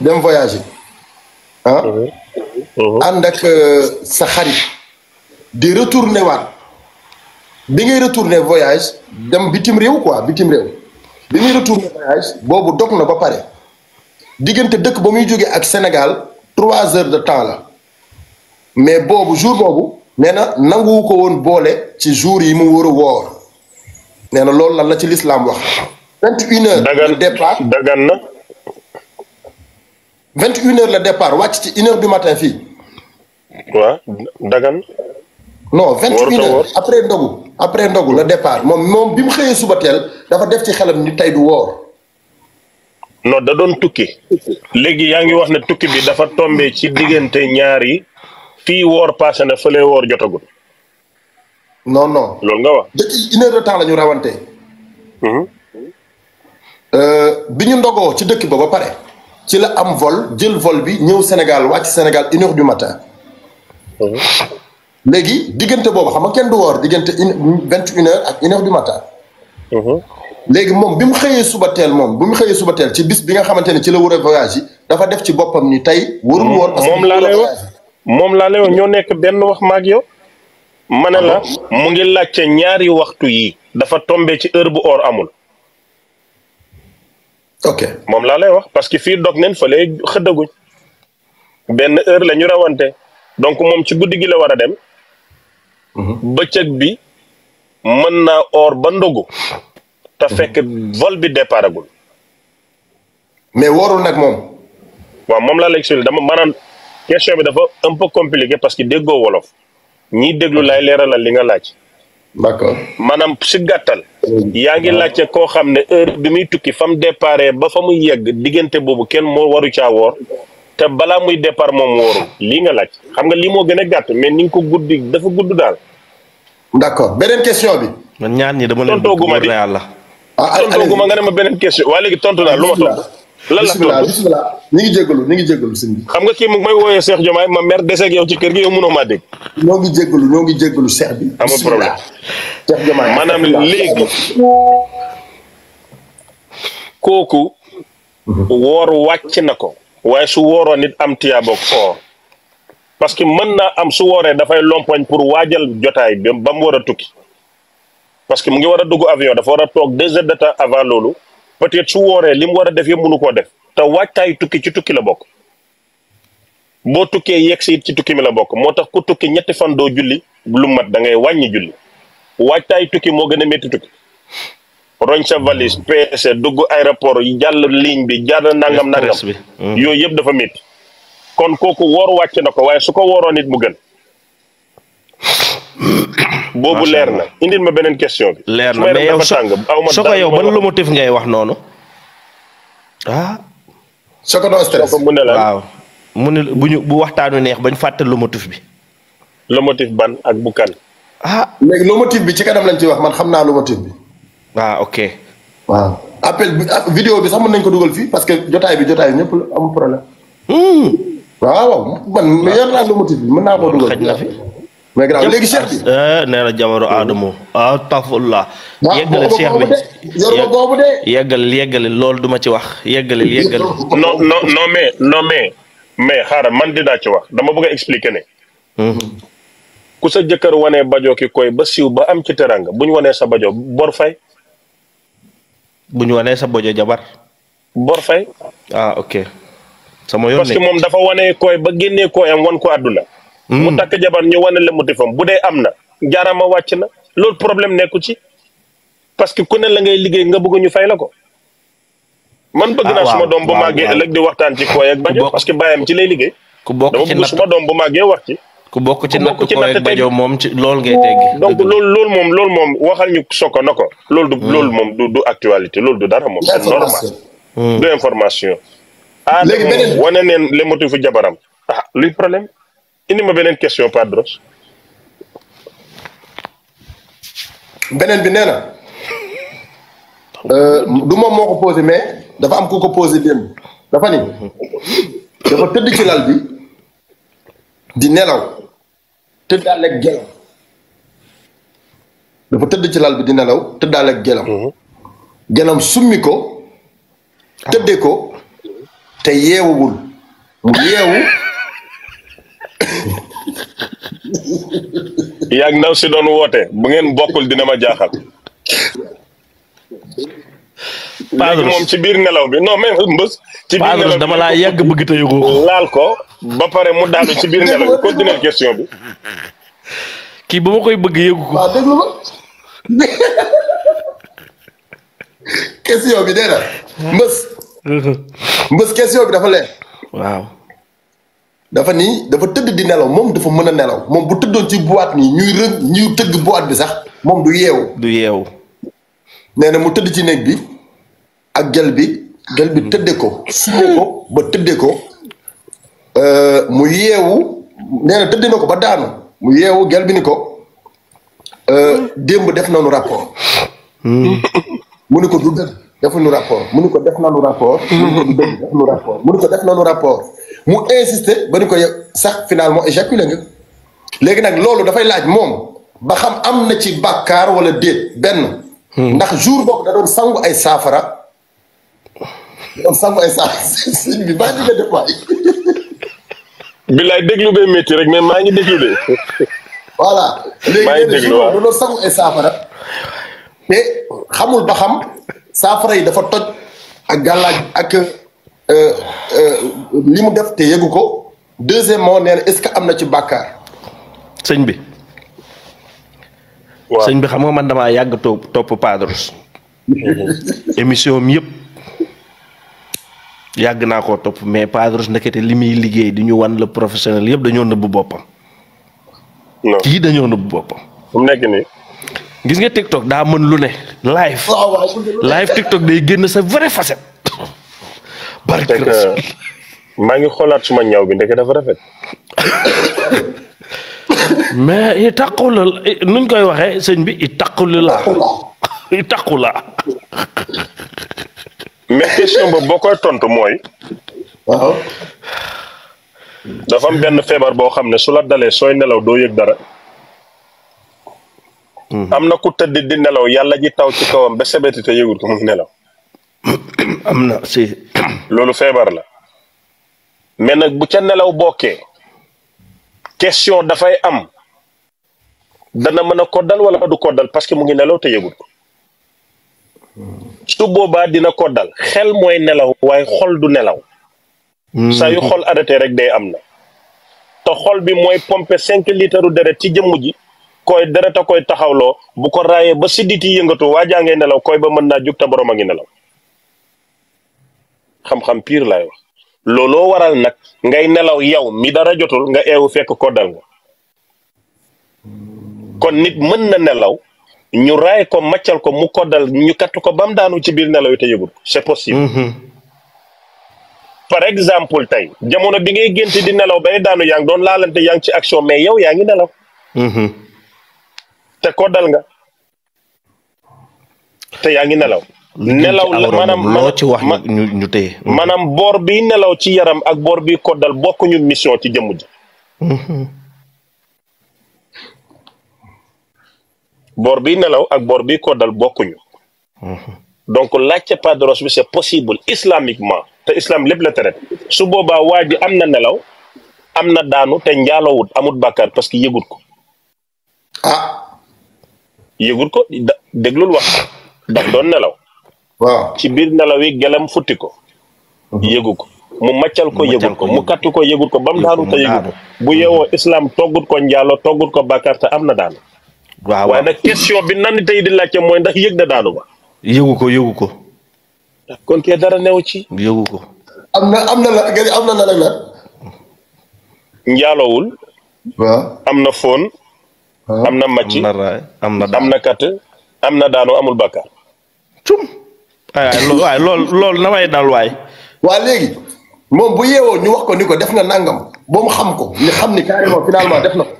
dem voyage ah mhm. Mhm. ànd ak euh, sa xarit di retourner waat bi ngay retourner voyage dem bitim réew quoi bitim réew bi muy retourner voyage boobu dog na ba pare diggante dëkk ba muy jógee ak Sénégal trois heures de temps la mais boobu jour boobu nee na nanguwu ko woon boole ci jour yi mu waru a woor nee na loolu lan la ci lislaam wax vingt une heures dagan na vingt une heures la départ wàcc ci une heure du matin fii. waaw dagan. no vingt une heures après ndogu après ndogu la départ moom moom bi mu xëyee suba teel dafa def ci xelam ni tey du woor. non da doon tukki. léegi yaa ngi wax ne tukki bi dafa tombé ci diggante ñaari yi fii woor passé na fële woor jotagul. non non loolu nga wax. dëkk une heure de temps la ñu rawante. Mhm. Euh, bi ñu ndogoo ci dëkk ba ba pare. ci la am vol jël vol bi ñëw Sénégal wàcc Sénégal une heure du matin. Mhm. léegi diggante boobu xam nga kenn du woor diggante une vingt une ak une heure du matin. Mhm. léegi moom bi mu xëyee suba teel moom bi mu xëyee suba teel ci bis bi nga xamante ne ci la war a voyage yi dafa def ci boppam ni tey. warul woor parce moom laa la wax moom laa lay wax ñoo nekk benn wax maag yow. ma ne la ah mu ngi laajte ñaari waxtu yi dafa tombé ci heure bu oor amul. ok moom laa lay wax parce que fii dog neen fële xëddaguñ benn heure la ñu rawante donc moom ci guddi gi la war a dem. Mhm. bëccëg bi mën naa or ba ndogu. te mhm. fekk vol bi départ mais warul nag moom. waaw moom laa lay expliqué dama maanaam question bi dafa un peu compliqué parce que déggoo wolof ñiy déglu leeral leeralal li nga laaj. d'accord maanaam si gàttal. yaa ngi laajte koo xam ne heure bi muy tukki fa mu départ ba fa muy yegg diggante boobu kenn moo waru caa woor te balaa muy départ moom wóorul lii nga laaj xam nga lii moo gën a gàtt mais ni nga ko guddi dafa gudd daal. d'accord beneen question bi. man ñaar ñi dama leen. tontóoguma di ah, tontóoguma nga ne ma beneen question waa léegi tontu naa lu ma tontu. lan la bisimilah bisimilah ngi jégalu ñu ngi jégalu sëñ bi. xam nga kii moom may wooyee Cheikh Diomaye ma mer deseeg yow ci kër gi yow mënoo maa dégg. ñoo ngi jégalu ñoo ngi jégalu Cheikh bi. am nga maanaam léegi. kooku. woor wàcc na ko. waaye su wooroon nit am tiyaaboog oor. parce que mën naa am su wooree dafay lompoñ pour waajal jotaay ba mu war a tukki. parce que mu ngi war a dugg avion dafa war a toog deux de temps avant loolu. peut-être su wooree li mu war a def yëpp mënu koo def te waajtaayu tukki ci tukki la bokk boo tukkee yegg si it ci tukki mi la bokk moo tax ku tukki ñetti fan doo julli lu mat da ngay wàññi julli waajtaayu tukki moo gën a métti tukki roñ sa valise peese dugg aéroport jàll ligne bi jàll nangam nangam mm. yooyu yëpp dafa métti kon kooku woor wàcc na ko waaye su ko wooroon it mu gën boobu leer na indil ma beneen question bi. leer na mais yow soo ko yow ban lomotif ngay wax noonu ah. soo ko doo stress mu ne la waaw mu ne bu ñu bu waxtaanu neex bañ fàtte lomotif bi. lomotif ban ak bu kan. ah léegi lomotif bi ci kanam lañ ci wax man xam naa lomotif bi. waaw ah, ok. waaw appel bi ah, vidéo bi sax mën nañ ko dugal fii parce que jotaay bi jotaay bi ñëpp amul problème. Hmm. waaw man. waaw ah. yor naa lomotif bi mën naa koo dugal. xaj na fi. mais grave léegi cheikh bi. Ah, ah, nee na jamono aadama ah, lool tafullah. ci wax yeggalil yeggalil. non non mais non mais mais xaaral man dinaa ci wax dama bëgg a expliquer ne. Mhm. ku sa jëkkër wane bajo ki koy ba siiw ba am ci teranga bu ñu wanee sa bajo bor fay. bu ñu wanee sa bajoo jabar. bor fay. ah ok. sama yoon parce que moom dafa wanee koy ba génnee koy wan ko àdduna. mu hmm. takk jabar ñu wane la motifam bu dee am na jaarama wàcc na loolu problème nekku ci parce que ku ne la ngay liggéey nga bëgg ñu fay la ko. man bëgg naa ah, suma doom bu màggee ëllëg di waxtaan ci kooy ak bajo parce que baayam ci lay liggéey. ku bokk ci natt suma doom bu màggee wax ci. ku bokk ci natt kooy ak bajo moom ci lool ngay dégg. donc loolu loolu moom loolu moom waxal ñu soko na ko. loolu du hmm. loolu moom du du actualité loolu du dara moom. c'est normal. du hmm. information. Ah, léegi beneen ah wane neen le indi ma beneen question Pape Brosse. beneen bi nee na euh, du moom moo ko posé mais dafa am ku ko posé démb dafa ni dafa tëdd ci lal bi di nelaw tëddaale ak gelam dafa tëdd ci lal bi di nelaw tëddaale ak gelam mhm. gelam summi ko tëdde ko te yeewuwul mu yeewu yaag ndaw si doon woote bu ngeen bokkul dina ma jaaxal. léegi moom ci biir nelaw bi non mais mbës. ci biir nelaw bi dama laa yàgg bëgg te ba pare mu daanu ci biir nelaw bi continuer question bi. kii ba ma koy bëgg yëgu ko. waaw déglu ma question bi dee na mbës. Uh-huh. mbës question bi dafa leer. waaw. dafa nii dafa tëdd di nelaw moom dafa mën a nelaw moom bu tëddoon ci boîte nii ñuy rë ñuy tëgg boîte bi sax moom du yeewu. du yeewu. nee na mu tëdd ci néeg bi ak gel bi. gel bi mm-hmm. tëddee ko. sumee ko ba tëddee ko euh, mu yeewu nee na na ko ba daanu mu yeewu gel bi ni ko euh, démb def nañu rapport. Mm-hmm. mu ni ko du dëgg. defuñu nu mu ni ko def nañu rapport. mu def ko def nañu rapport. mu insister ba ni ko sax finalement éjaculé nga léegi nag loolu dafay laaj moom ba xam am na ci bàkkaar wala déet benn. Hmm. ndax jour boobu da doon sangu ay saafara. da doon déglu bee métti rek maa ngi déglu de. voilà léegi léegi jour boobu da doon sangu ay saafara. mais xamul ba xam. saafara yi dafa toj ak gàllaaj ak euh, euh, li mu def te yëgu ko deuxièmement nee na est-ce que am na ci bàkkaar sëñ bi waaw sëñ bi xam nga man dama yàgg topp topp Padros mhm. émission am yëpp yàgg naa ko topp mais Padros ndekete li muy liggéey di ñu wan la professionnel yëpp dañoo nëbb boppam. non kii dañoo nëbb boppam. mu nekk nii. gis nga TikTok daa mën lu ne live live TikTok day génn sa vraie facette. barke maa ngi xoolaat suma ñaw bi ndeke dafa rafet. mais koy waxee sëñ bi i taqu la taqu la. mais boo koy tontu mooy. waaw. am benn feebar boo xam ne su la dalee sooy nelaw doo yëg dara. Mhm. am na ku tëdd di nelaw yàlla ji taw ci kawam ba sebeti te yëgul ko mu ngi nelaw. am na si. loolu feebar la. mais nag bu ca nelaw bokkee. question dafay am. dana mën a koddal wala du koddal parce que mu ngi nelaw te yëgul hmm. su boobaa dina koddal xel mooy nelaw waaye xol du nelaw. Hmm. saa yu xol arrêté rek day am na. te xol bi mooy pompe cinq litaru deret ci jëmm ji. koy ta koy taxawloo bu ko raayee ba siddit yi yëngatu waajaa ngay nelaw koy ba mën naa jug ta borom a ngi nelaw xam-xam piir laay looloo waral nag ngay nelaw yow mi dara jotul nga eewu fekk ko dal nga kon nit mën na nelaw ñu raay ko màccal ko mu koddal ñu katt ko ba mu daanu ci biir nelaw yi te yëgul c'est possible mm-hmm. par exemple tey jamono bi ngay gént di nelaw bay daanu yaa ngi doon laalante yaa ngi ci action mais yow yaa ngi nelaw mm-hmm. te koddal nga te yaa ngi nelaw. nelaw la maanaam loo ci wax ñu ñu téye. maanaam boor bi nelaw ci yaram ak boor bi koddal bokkuñu mission ci jëmm ji. Mm-hmm. boor bi nelaw ak boor bi koddal bokkuñu. Mm-hmm. donc laajte padros bi c'est possible islamiquement te islam lépp la tere su boobaa waa ji am na nelaw am na daanu te njaalowut amut bàkkaar parce que yëgut ko ah. yëgul ko da déglul wax daf doon nelaw. waaw ci biir nelaw yi gelam futti ko. Mhm. yégu ko mu maccal ko yëgul ko mu katti ko yëgul ko ba mu daanu te yëgul ko bu yeewoo islam toggut ko njaalo toggut ko bàkkaar te am na daan waaw waaye nag question bi nan tey di laajte mooy ndax yëg na daanu ko yëgu ko. kon kee new ci. yëgu ko. am na am na la njaalowul. waaw am na foon. Ah, am na macc am na am na katt am na daanu amul bàkkaar cum ah, ah, waaye lool lool na may dal waay waa léegi moom bu yeewoo ñu wax ko ni ko def nga nangam ba xam ko ni xam ni carrément finalement def na ko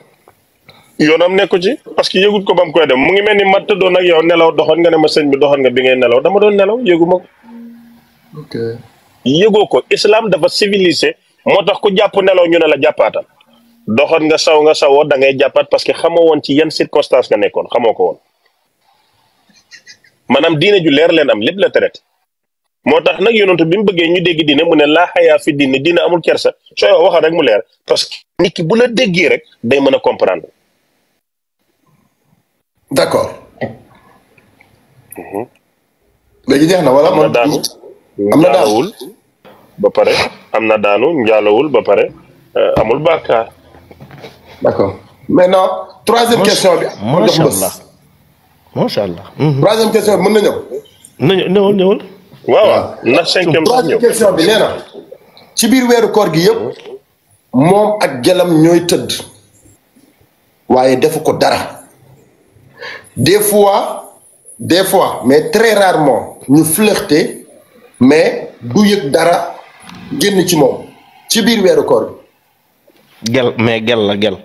yoonam nekku ci parce que yëgut ko ba koy dem mu ngi mel ni ma doon ak yow nelaw doxoon nga ne ma sëñ bi doxoon nga bi ngay nelaw dama doon nelaw yëgu ma ko. ok yëgoo ko islam dafa civilisé moo tax ko jàpp nelaw ñu ne la jàppaatal. doxoon nga saw nga sawoo da ngay jàppaat parce que xamoo woon ci yan circonstance nga nekkoon xamoo ko woon maanaam diine ju leer leen am lépp la traité moo tax nag yonentu bi mu bëggee ñu dégg diine mu ne laa xayaa fi diine diine amul kersa sooy waxal rek mu leer parce que nit ki bu la déggee rek day mën a comprendre. d'accord. Mhm. léegi jeex na wala man daanu am na daanu njaalawul ba pare am na daanu njaalawul ba pare euh, amul bàkkaar d'accord maintenant troisième question bi. macha allah macha allah. Mhm. troisième mën na ñëw. na ñëwal ñëwal. waaw waaw na bi nee na ci biir weeru koor gi yëpp moom ak gelam ñooy tëdd waaye defu ko dara des fois des fois mais très rarement ñu flirter mais du yëg dara génn ci moom ci biir weeru koor gi. gel mais gel la gel.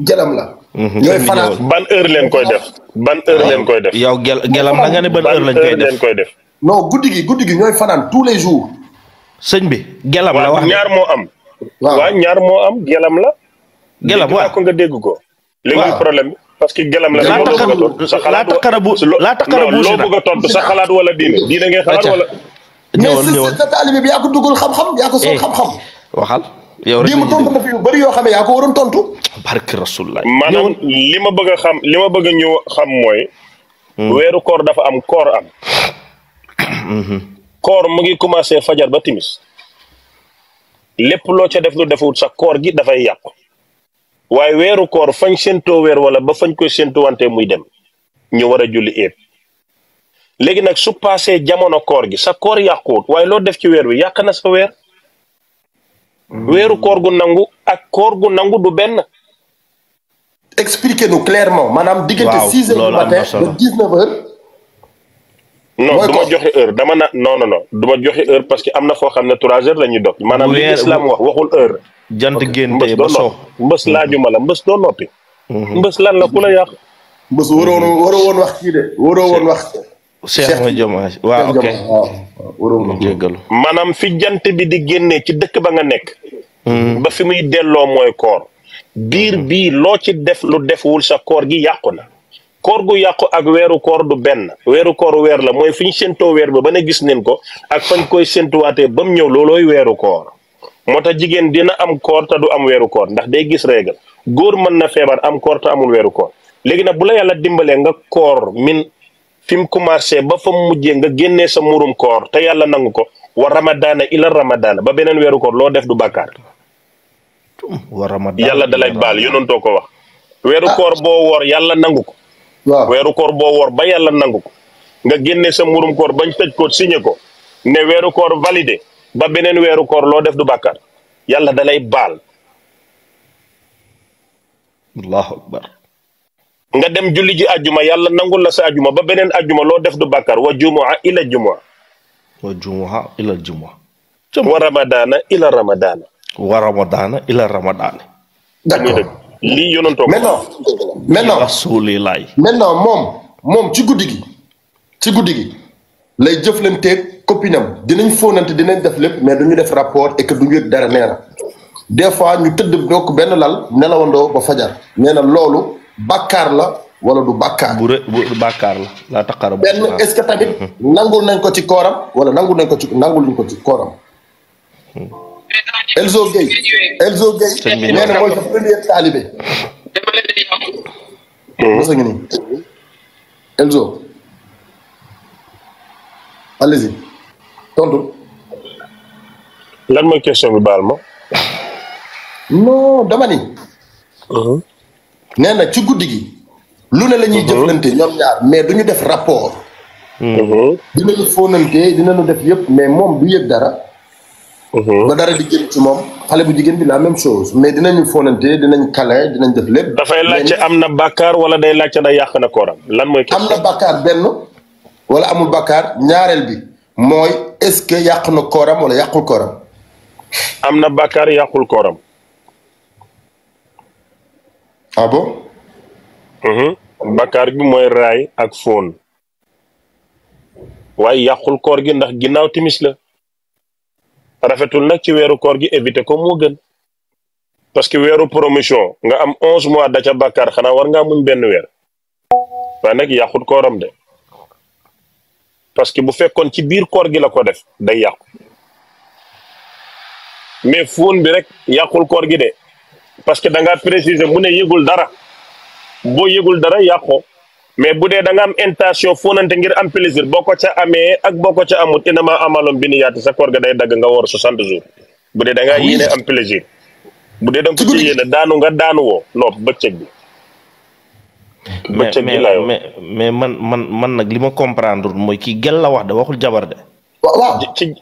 gelam la. ñooy fanaan ban heure leen koy def. ban heure leen koy def. yow gel gelam la nga ne ban heure lañ koy def ban heure leen koy def. non guddi gi guddi gi ñooy fanaan tous les jours. sëñ bi gelam la wax ñaar moo am. waaw ñaar moo am gelam la. gelam waaw ko nga dégg ko. léegi problème bi parce que gelam la. laa takkara laa takkara bu laa takkara bu loo bëgg a tontu sa xalaat wala diine diine ngay xalaat wala. ñëwal ñëwal mais sa taalibe bi yaa ko dugal xam-xam yaa ko soog xam-xam. waxal. yow rek démb tontu fi yu bëri yoo xam ne yaa ko waroon tontu. barke rasulullah. maanaam li ma bëgg a xam li ma bëgg a ñëw xam mooy. Hmm. weeru koor dafa am koor am. Mm-hmm. koor mu ngi commencé fajar ba timis lépp loo ca def lu defut sax koor gi dafay yàqu. waaye weeru koor fañ séentoo weer wala ba fañ koy séentuwante muy dem ñu war a julli éet léegi nag su paasee jamono koor gi sa koor yàquwut waaye loo def ci weer wi yàq na sa weer. Mm. weeru koor gu nangu ak koor gu nangu du benn. expliquez nous clairement maanaam. diggante six heures du matin ba dix neuf heures. non du ma joxe na non non non du parce que am na foo xam ne trois heures la ñuy dog maanaam li islam waxul heure. jant génte ba so mbës mm-hmm. laajuma la mbës doo noppi. Mm-hmm. mbës lan la ku la yàq. mbës waroo woon waroo woon wax kii de waroo woon wax. Cheikh ma Diomaye waaw ok maanaam fi jant bi di génnee ci dëkk ba nga nekk. Hmm. ba fi muy delloo mooy koor. biir hmm. bi loo ci def lu defwul sa koor gi yàqu na. koor gu yàqu ak weeru koor du benn weeru koor weer la mooy fi ñu séntoo weer ba ba ne gis neen ko ak fañ koy séntuwaatee ba mu ñëw loolooy weeru koor moo tax jigéen dina am koor te du am weeru koor ndax day gis régal góor mën na feebar am koor te amul weeru koor léegi nag bu la yàlla dimbalee nga koor min fi mu commencé ba fa mujjee nga génnee sa murum koor te yàlla nangu ko wa ramadaana ila ramadaana ba beneen weeru koor loo def du bàkkaar wa ramadaana yàlla dalay baal yonantoo ko wax weeru ah. koor boo woor yàlla nangu ko waaw weeru koor boo woor ba yàlla nangu ko nga génne sa murum koor bañ tëj ko signé ko ne weeru koor validé ba beneen weeru koor loo def du bàkkaar yàlla dalay baal nga dem julli ji ajjuma yàlla nangu la sa ajjuma ba beneen ajjuma loo def du bàkkaar wa jumua ila jumua wa jumua ila jumua wa ramadaana ila ramadaana wa ramadaana ila ramadaana d'accord lii yonantoo maintenant maintenant moom moom ci guddi gi ci guddi gi lay jëflanteeg copine am dinañ fóonante dinañ def lépp mais duñu def rapport et que duñu yëg dara nee na fois ñu tëdd donc benn lal nelawandoo ba fajar nee loolu bàkkaar la wala du bàkkaar. bu bu bàkkaar la laa taqaara. benn est-ce que tamit nangul nañ ko ci kooram wala nangul nañ ko ci nangul nañ ko ci kooram. Elzo Gueye. Elzo Gueye. sëñ mooy sa premier nii Elzo. allez-y tontu. lan mooy question bi baal ma. non dama ni. Uh-huh. nee na ci guddi gi. lu ne la ñuy mhm. jëflante ñoom ñaar mais du ñu def rapport. Mhm. dinañu fóonante dinañu def yëpp mais moom du yëg dara. Mhm. ba dara di jëm ci moom xale bu jigéen bi la même mais dinañu fóonante dinañ kale dinañ def lépp. dafay laajte am na bàkkaar wala day laajte day yàq na kooram lan mooy. am na bakkaar benn wala amul bàkkaar ñaareel bi mooy est-ce que yàq na kooram wala yàqul kooram. am na bàkkaar yàqul kooram. ah bon. Mhm. bakkaar bi mooy raay ak fóon waaye yàqul koor gi ndax ginnaaw timis la rafetul nag ci weeru koor gi éviter ko moo gën parce que weeru promotion nga am onze mois da ca bakkaar xanaa war ngaa muñ benn weer waaye nag yàqul kooram de parce que bu fekkoon ci biir koor gi la ko def day yàqu mais fóon bi rek yàqul koor gi de. parce que da nga préciser mu ne yëgul dara boo yëgul dara yàqoo mais bu dee da nga am intention fonante ngir am plaisir boo ko ca amee ak boo ko ca amut inama amaloon bi ni yaati sa kor ga day dagg nga woor 60 jours bu dee da ngaa ah yéene am plaisir bu dee da nga ko ci yéene daanu nga daanu woo nopp bëccëg bi. bëccëg bi mais man man man nag li ma comprendre mooy ki gel la wax waxul jabar de. waaw ci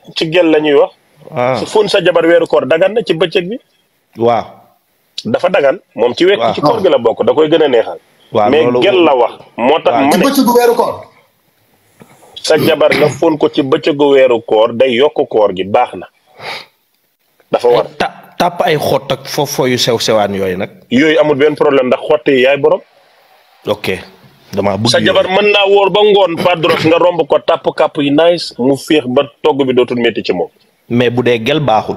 la ñuy wax. Ah. su sa jabar weeru koor dagan na ci bëccëg bi waaw. dafa dagan moom ci wekk ci koor gi la bokk da koy gën a neexal. mais gel la wax. moo tax ma ne bëccëgu weeru koor. jabar nga fóon ko ci bëccëgu weeru koor day yokk koor gi baax na. dafa war tàpp ay xott ak foofu yu sew sewaan yooyu nag. yooyu amul benn problème ndax xott yi yaay borom. ok dama bëgg sa jabar mën naa wóor ba ngoon padros nga romb ko tàpp kàpp yi nice mu féex ba togg bi dootul métti ci moom. mais bu dee gel baaxul.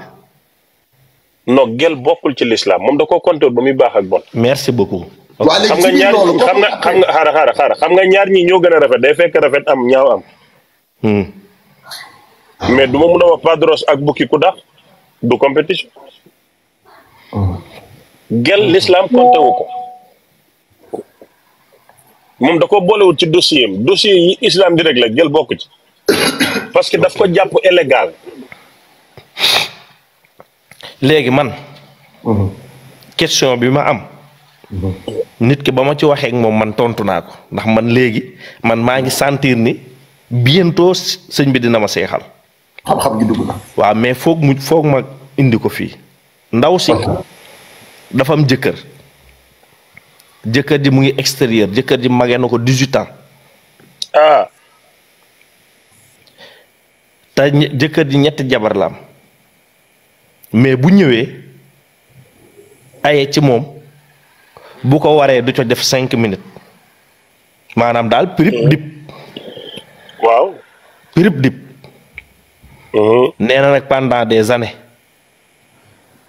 non gel bokkul ci lislaam moom da ko compter ba muy baax ak bon. merci beaucoup. xam nga ñaar xam nga xam nga xaara xam nga ñaar ñi ñoo gën a rafet day fekk rafet am ñaaw am. Hmm. mais du ma mun a wax padros ak bukki ku dax du compétition. gel lislaam compter wu ko. moom da ko boolewut ci dossier am dossier yi islam di rek la gel bokk ci. parce que daf ko jàpp illégal. léegi man. Mhm. question bi ma am. Mhm. nit ki ba ma ci waxee moom man tontu naa ko ndax man léegi man maa ngi sentir ni bientôt sëñ bi dina ma seexal. xam gi dugg na. waaw mais foog mu foog ma indi ko fii. ndaw si dafa am jëkkër. jëkkër ji mu ngi extérieur jëkkër ji magee na ko 18 ans. ah. te jëkkër ji ñetti jabar la mais bu ñëwee aye ci moom bu ko waree du co def cinq minutes maanaam daal pirip hmm. dip waaw pirip dip hmm. nee na nag pendant des années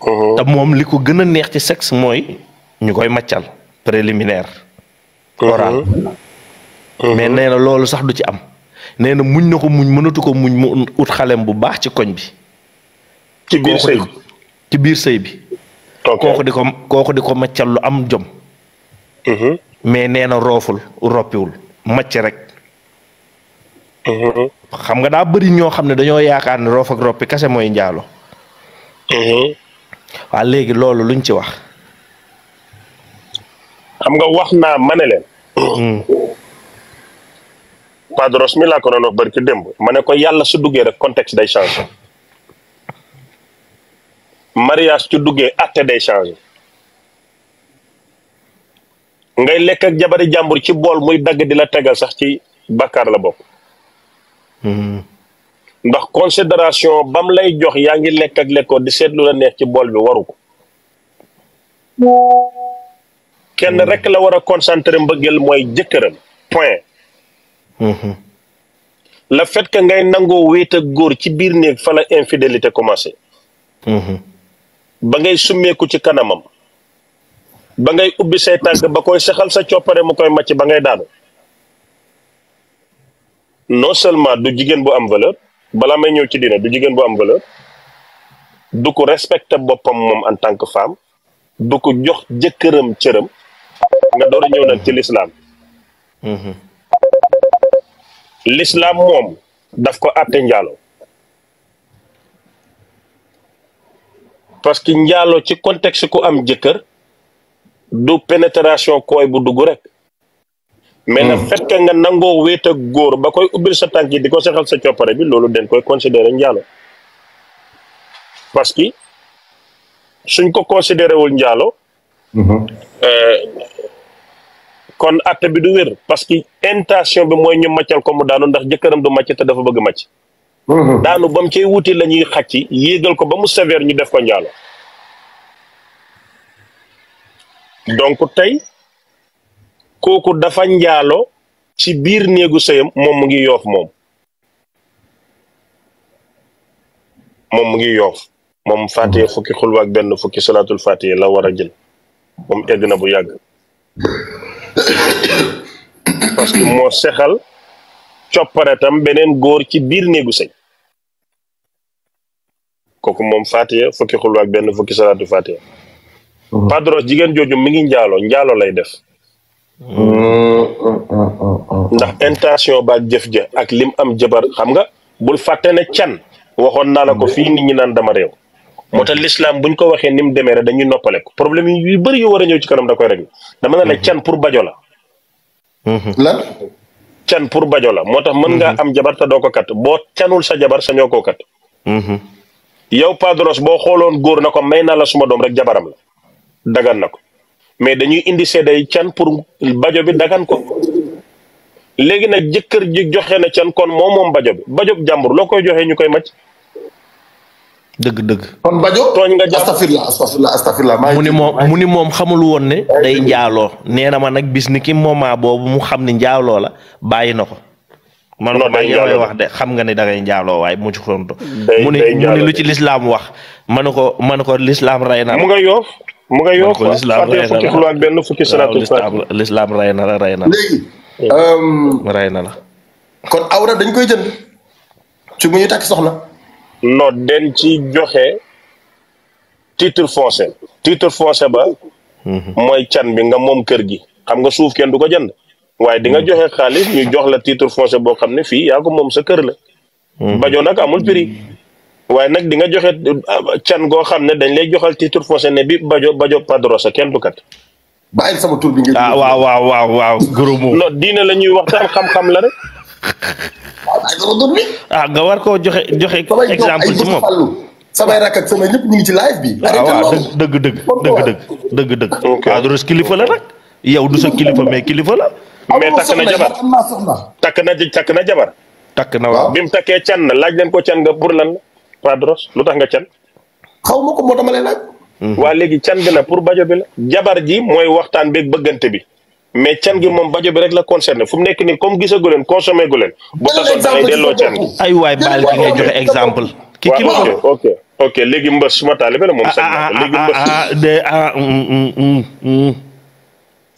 hmm. te moom li ko gën a neex ci sex mooy ñu koy maccal préliminaire oral mais nee na loolu sax du ci am nee na muñ na ko muñ mënatu ko muñ mu ut xalem bu baax ci koñ bi ci biir sëy bi ci biir di ko kooku di ko maccal lu am jom. Mm-hmm. mais nee na rooful roppiwul macc rek. Mm-hmm. xam nga daa bëri ñoo xam ne dañoo yaakaar ne roof ak roppi kese mooy njaalo. Mm-hmm. waa léegi loolu luñ ci wax. xam nga wax naa ma ne leen. Mm. Padros mi laa ko doon wax bari ci démb ma ne ko yàlla su duggee rek contexte day changé. mariage ci duggee atte day changé ngay lekk ak jabari jàmbur ci bool muy dagg di la tegal sax ci bàkkaar la bokk hmm. ndax considération bam lay jox yaa ngi lekk ak lekkoo di seetlu la neex ci bool bi waru ko kenn hmm. rek la war a concentrer mbëggeel mooy jëkkëram point hmm. la fait ngay nangoo wéet góor ci biir néeg fa la infidélité commencé ba ngay summeeku ci kanamam ba ngay ubbi say tànk ba koy saxal sa coppare mu koy màcc ba ngay daanu non seulement du jigéen bu am valeur balaa may ñëw ci dina du jigéen bu am valeur du ko respecté boppam moom en tant que femme du ko jox jëkkëram cëram nga door a ñëw nag ci lislaam mhm. lislaam moom daf ko àtte njaaloo parce que njaaloo ci contexte ku am jëkkër du pénétration kooy bu dugg rek. mais na hmm. fekk nga nangoo wéet góor ba koy ubbil sa tànk di ko sexal sa coppare bi loolu den koy considéré njaalo parce que suñ ko considéré wul njaalo hmm. euh, kon atte bi du wér parce que intention bi mooy ñu màccal ko mu daanu ndax jëkkëram du màcc te dafa bëgg màcc Mhm. daanu ba mu cay wuti lañuy ñuy xàcc yéegal ko ba mu sévère ñu def ko njaalo donc tey kooku dafa njaalo ci biir néegu sëyam moom mu ngi yoof moom moom mu ngi yoof moom fàttee mhm. fukki xulwaak benn fukki salaatul fàttee la war a jël moom egg na bu yàgg parce moo sexal copparetam beneen góor ci biir néegu sëy kooku moom Fatiha fukki xul ak benn fukki salaatu Fatiha. Mm-hmm. padros jigéen jooju mi ngi njaalo njaalo lay def. Mm-hmm. ndax intention ba jëf ja ak lim am jabar xam nga bul fàtte ne can waxoon naa la ko fii nit ñi naan dama réew. moo tax lislaam buñ ko waxee ni mu demee rek dañuy noppale ko problème yu bëri yu war ñëw ci kanam da koy régler dama ne la mm-hmm. can pour bajo la. la can pour bajo la moo tax mën nga am jabar te doo kat boo canul sa jabar sañoo koo kat. yow padros boo xooloon góor na ko may naa la suma doom rek jabaram la dagan na ko mais dañuy indi seeday can pour bajo bi dagan ko léegi nag jëkkër ji joxe na can kon moom moom bajo bi bajo bi jàmbur loo koy joxee ñu koy màcc. dëgg dëgg. kon bajo tooñ nga jàpp astafirla astafirla astafirla mu ni moom woon ne. day njaaloo nee na ma nag bis ki moment boobu mu xam ni njaaloo la bàyyi na ko. man loolu day wax de xam nga ne dangay njaaloo waaye mu ci xontu ne mu lu ci lislaam wax ma ne ko ma ne ko lislaam rey na mu nga yoof mu nga yoof fàttee fukki xulu benn fukki salaatul faatiha lislaam rey na la rey na la léegi um, rey na la ci den ci joxe titre foncé titre foncé ba mhm. mooy can bi nga moom kër gi xam nga suuf kenn du ko jënd waaye di nga mm. joxe xaalis ñu jox la titre foncier boo xam ne fii yaa ko moom sa kër la. Mm-hmm. bajoo nag amul prix. Mm-hmm. waaye nag di nga joxe ah, can goo xam ne dañ lay joxal titre foncier ne bi bajo bajo padro sa kenn bàyyi sama tur bi ngeen. ah waaw waaw waaw waaw la ñuy waxtaan xam-xam la rek. Ah, ah, nga war koo joxe joxe exemple ci moom. samay ak samay ñu ngi ci live bi. dëgg dëgg dëgg dëgg dëgg dëgg. ok kilifa la nag. yow du sa kilifa mais kilifa la. mais takk na jabar takk na takk na jabar. takk na waaw takkee can laaj leen ko can nga pour lan la Padros lu tax nga can. xaw hmm. waa léegi can bi la pour bajo bi la. jabar ji mooy waxtaan beeg bëggante bi. mais can gi moom bajo bi rek la concerné fu mu nekk nii comme gisagu leen consommé gu leen. bu tasoon da delloo can gi. ay waay baal joxe exemple. ki ki ma ok léegi mbës suma taalibe la moom. Ah, sëñ bi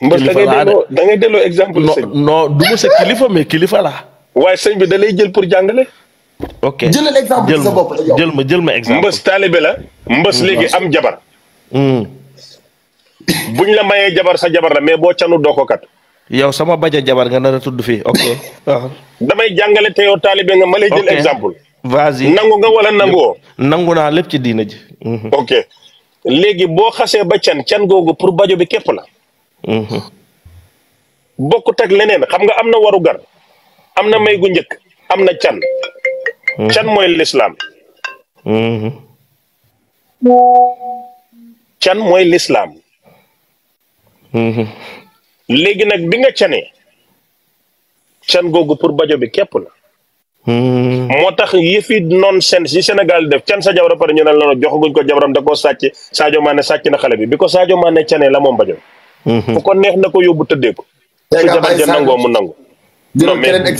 mbër da da ngay delloo exemple. sëñ non du ma kilifa mais waaye sëñ bi da lay jël pour jàngale. ok sa bopp jël ma jël ma exemple. mbës taalibe la. mbës léegi am jabar. Hmm. buñ la mayee jabar sa jabar la mais boo canu doo ko yow sama baja jabar nga nar tudd fii ok. Ah. damay jàngale te yow nga ma lay jël exemple. vas-y nangu nga wala nangoo. nangu naa lépp ci diina ji. Hmm. ok léegi boo xasee ba can can googu pour bajo bi képp la. Mhm. bokkut ak leneen xam nga am na waru gar am na may gu njëkk am na can mhm. can mooy lislaam mhm. can mooy lislaam léegi nag bi nga canee can googu pour bajo bi képp la moo tax yëfi non sens yi Sénégal def can sa jawra pare ñu ne la jox guñ ko jabram da koo sàcc Sadio Mané sàcc na xale bi bi ko Sadio Mané canee la moom bajo bi Mhm. fu ko neex na ko yóbbu tëddee ko. su jabar ja nangoo mu nangu. mais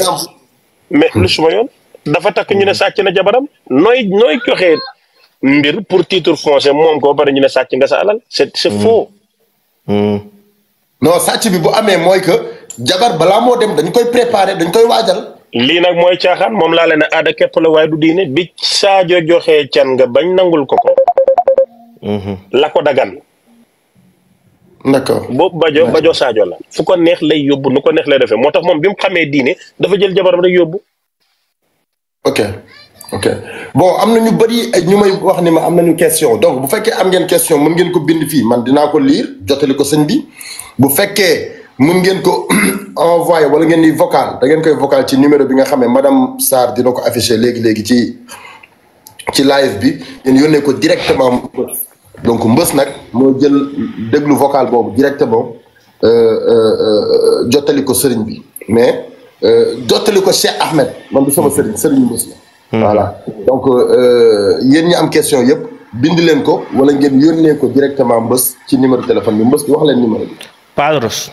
mais lu suma yoon. dafa takk ñu ne mhm. sàcc na jabaram nooy nooy joxe mbir pour titre fonce moom ko bari ñu ne sàcc nga sa alal c'est c'est mhm. faux. non sàcc bi bu amee mooy que jabar balaa moo dem dañ koy préparer dañ koy waajal. lii nag mooy caaxaan moom laa leen ne aada képp la waaye du diine bi Sadio joxe can nga bañ nangul ko ko. la ko dagan. d'accord boobu Bajo Bajo saajo la fu ko neex lay yóbbu nu ko neex lay defee moo tax moom bi mu xamee diine dafa jël jabaram rek yóbbu. ok ok bon am na ñu bëri ñu may wax ni ma am nañu question donc bu fekkee am ngeen question mën ngeen ko bind fii man dinaa ko lire jotali ko sëñ bi bu fekkee mun ngeen ko envoyé wala ngeen di vocal da ngeen koy vocal ci numéro bi nga xam ne madame Sarr dina ko affiché léegi léegi ci ci live bi ngeen yónnee ko directement. donc mbës nag moo jël déglu vocal boobu directement euh, euh, euh, jottali ko sëriñ bi mais jottali ko Cheikh Ahmed man du sama sëriñ sëriñ mbës la hmm. voilà donc yéen ñi am question yëpp bind leen ko wala ngeen yónnee directement mbës ci numéro téléphone bi mbës wax leen numéro bi Padros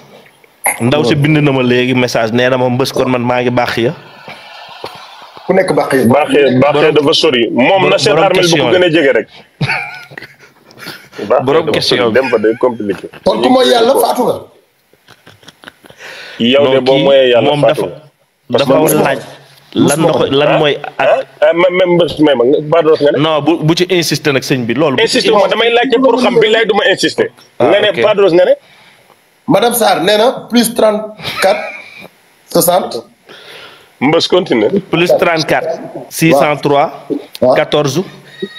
ndaw si bind na ma léegi message nee na ma mbës kon man maa ngi baax ya ku nekk baax ya baax ya dafa sori moom na seen armel bu ko gën a jege rek borom question dem ba day compliqué. kon ku mooy yàlla faatu nga. yow de boo mooyee yàlla faatu nga dafa dafa laaj. lan la ko lan mooy ak. même bés may ma pardon nga ne. non bu bu ci insister nag sëñ bi loolu. insister ma damay laajte pour xam bi laaj du ma insister. Ah, nga ne pardon nga ne. madame Sarr nee na plus 34 60. Mbës continue. plus 34. 603. 14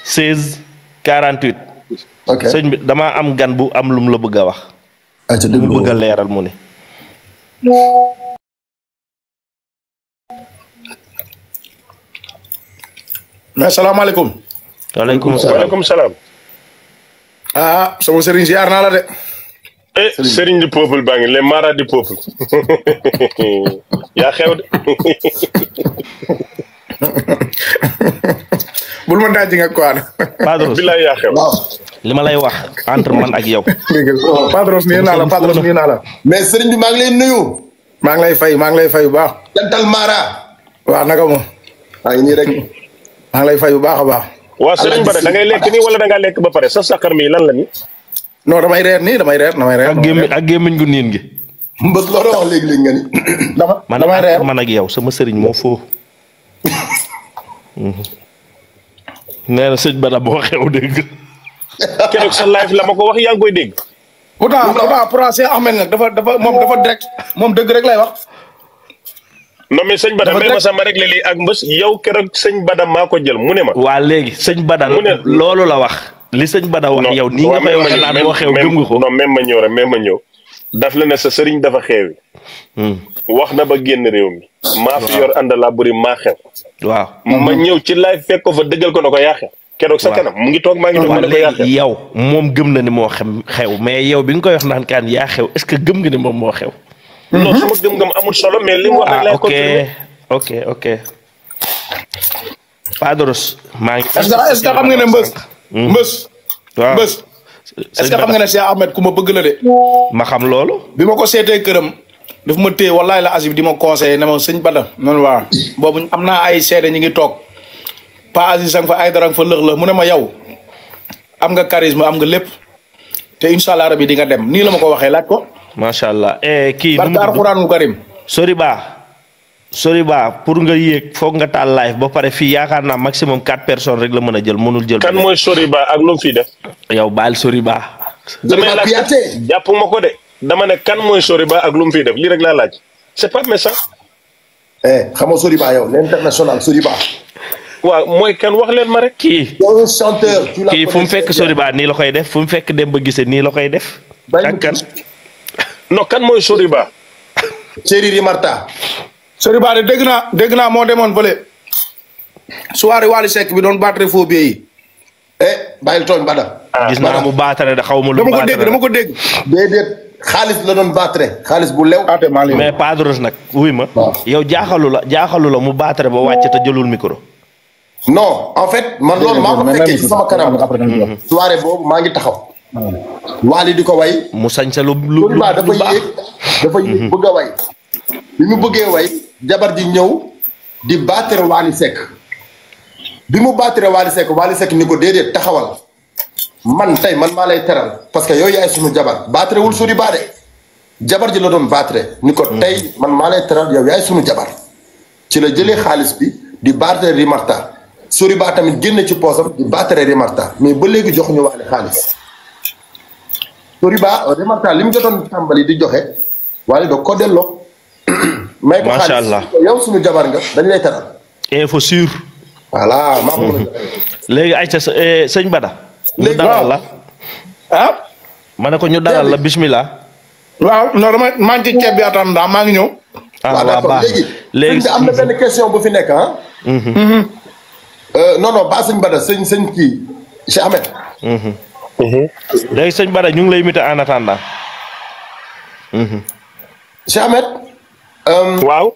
16 48. sëñ bi damaa am gan bu am lum la bëgg a wax. ayca dëgg mu bëgg a leeral mu ne. mais salaamaaleykum. waaleykum salaam waaleykum salaam. ah sama sëriñ ziar naa la de. eh sëriñ du peuple baa ngi les maras du peuple yaa xew de. bul ma daaj nga quoi. Padros bilaay yaa xew li ma lay wax entre man ak yow. dégg nga Padros naa la Padros mais sëriñ bi maa ngi lay nuyu. maa ngi lay fay maa ngi lay fay bu baax. jantal Mara. waaw naka moom. maa ngi lay fay bu baax a baax. waa sëriñ Bada da ngay lekk nii wala da lekk ba pare sa sakkar mi lan la nii. non damay reer nii damay reer damay reer. ak gémmiñ gu niin gi. mbët loo doon wax nga ni. dama reer man ak yow sama sëriñ moo foofu. Mm-hmm. nee na sëñ Bada boo xew dégg keroog sa live la ma ko wax yaa ngi koy dégg. pourtant pourtant pourtant Cheikh Ahmed nag dafa dafa moom dafa direct moom dëgg rek lay wax. non mais sëñ Bada may ma sama rek lii ak mbës yow keroog sëñ Bada maa ko jël mu ne ma. waa léegi sëñ Bada. mu ne loolu la wax. li sëñ Bada wax yow. nii nga koy waxee naan boo xew gëm nga ko non ma ñëw rek même ma ñëw. daf la ne sa sëriñ dafa xeewi hmm. wax na ba génn réew mi maa fi yor àndalaa buri maa xew waaw ma ñëw ci live fekk ko fa dëggal ko na ko yaa xew keroog sa kanam mu ngi toog maa ngi ne yow moom gëm na ni moo xam xew mais yow bi nga koy wax naan kaan yaa xew est-ce que gëm nga ni moom moo xew non sama solo mais li mu wax lay ah, ok est ce que xam nga ne Cheikh Ahmed ku ma bëgg la de. ma xam loolu. bi ma ko seetee këram. daf ma téye wallaay la Azib di ma conseillé ne ma sëñ Bada noonu waa boobu am na ay seede ñu ngi toog Pa Aziz fa ay dara fa lëx la mu ne ma yow am nga charisme am nga lépp te incha allah bi di nga dem nii la ma ko waxee laaj ko. macha allah eh, kii nu mu barka alxuraanul karim sori baa sori baa pour nga yéeg foog nga taal live ba pare fii yaakaar naa maximum quatre personnes rek la mën a jël mënul jël. kan mooy sori baa ak lu mu fii def. yow baal sori baa. damay laaj jàpp ma ko de. dama ne kan mooy sori baa ak lu mu fii def lii rek laa laaj. c'est pas méchant. Eh, xam nga sori baa yow l'international sori baa. waaw mooy kan wax leen ma rek. kii chanteur. kii fu mu fekk sori baa nii la koy def fu mu fekk dem ba gisee nii la koy def. ak kan non kan mooy sori baa. Thierry Marta. Sori Ba de dégg naa dégg naa moo demoon fële soirée Wally Seck bi doon battre faux billets yi. eh bàyyil tooñ Bada. Ah, gis naa mu da xaw ma lu. dama ko dégg dama ko dégg. xaalis la doon baatare xaalis bu lew. mais Padre Rose nag wuy ma. yow jaaxalu la jaaxalu mu baatare ba wàcc te jëlul mikro no en fait man loolu maa ko fekkee ci mm-hmm. boobu maa ngi taxaw. Mm-hmm. Wally di ko way. mu sañ lu lu lu baax dafa yéeg dafa mm-hmm. way. bi mu bëggee way jabar ji ñëw di baatere Wally Seck bi mu baatere Wally Seck Wally Seck ni ko déedéet taxawal man tey man maa lay teral parce que yow yaay sunu jabar baatere wul suri baade jabar ji la doon baatere ni ko hmm. tey man maa lay teral yow yaay sunu jabar ci la jëlee xaalis bi di baatere Rimarta suri baa tamit génn ci poosam di baatere Rimarta mais ba léegi joxuñu Wally xaalis suri baa Rimarta li mu jotoon tàmbali di joxe Wally da ko delloo may ko macha allah suñu jabar nga dañ lay teral. info sûr. voilà maa ko eh, sëñ Bada. ñu dalal la ah. ma ne ko ñu dalal la bismillah. waaw non dama ñëw. ah waaw na benn bu fi nekk ah. Mhm. Mhm. Euh, non non ba sëñ Bada sëñ Euh, waaw.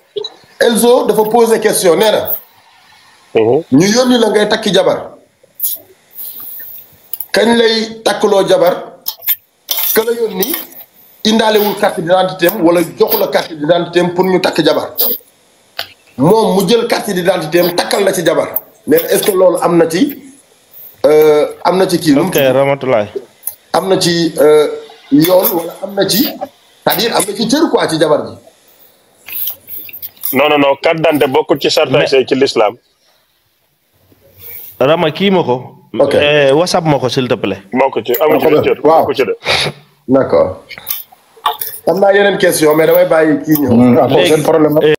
Elzo dafa posé question nee na. Mhm. ñu yónni la ngay takki jabar. kañ lay takkloo jabar. ka la yónni indaalewul carte di am wala joxu la carte d'identité am pour ñu takk jabar. moom mu jël carte d'identité am takkal na ci jabar. mais est-ce que loolu am na ci. Euh, am na ci kii. ok Ramatulaay am na ci euh, yoon wala am na ci cest à am na ci cër quoi ci jabar ji. non non non carte bokkul ci sartay sëy ci lislaam Rama kii ma ko. ok eh, whatsapp ma ko s'il te plaît. moo ko ci amu ci waaw ko ci de. d'accord. am yeneen question mais damay bàyyi kii ñëw. Hmm. léegi